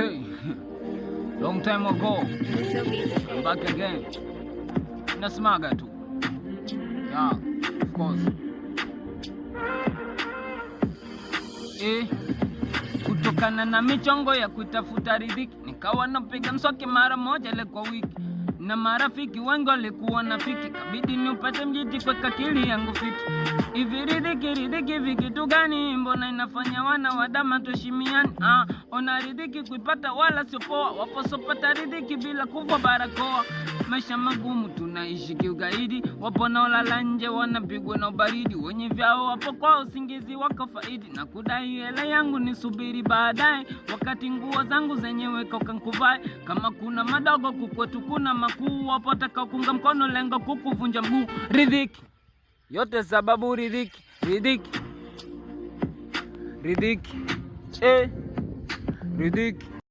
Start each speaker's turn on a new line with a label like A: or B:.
A: okay. Long time ago. I'm back again. Nasemaga tu. Yeah, of course. Eh, kutokana na michongo ya kutafuta riziki nikawa napiga mswaki mara moja ile kwa wiki na marafiki wangu walikuwa nafiki, kabidi niupate mjiti kweka akili yangu fiti. Hivi ridhiki ridhiki vikitu gani? Mbona inafanya wana wadama tuheshimiani? Ah, ona ridhiki kuipata wala sio poa, waposopata ridhiki bila kuvua barakoa. Maisha magumu tunaishi kiugaidi, wapo naolala nje wanapigwa na ubaridi, wenye vyao wapo kwa usingizi wako faidi, na kudai hela yangu nisubiri baadaye, wakati nguo zangu zenyewe kakankuvae kama kuna madogo kukwetu kuna maku mkuu, wapo watakaokuunga mkono, lengo kukuvunja mguu. Ridhiki yote sababu, ridhiki, ridhiki, ridhiki, eh, ridhiki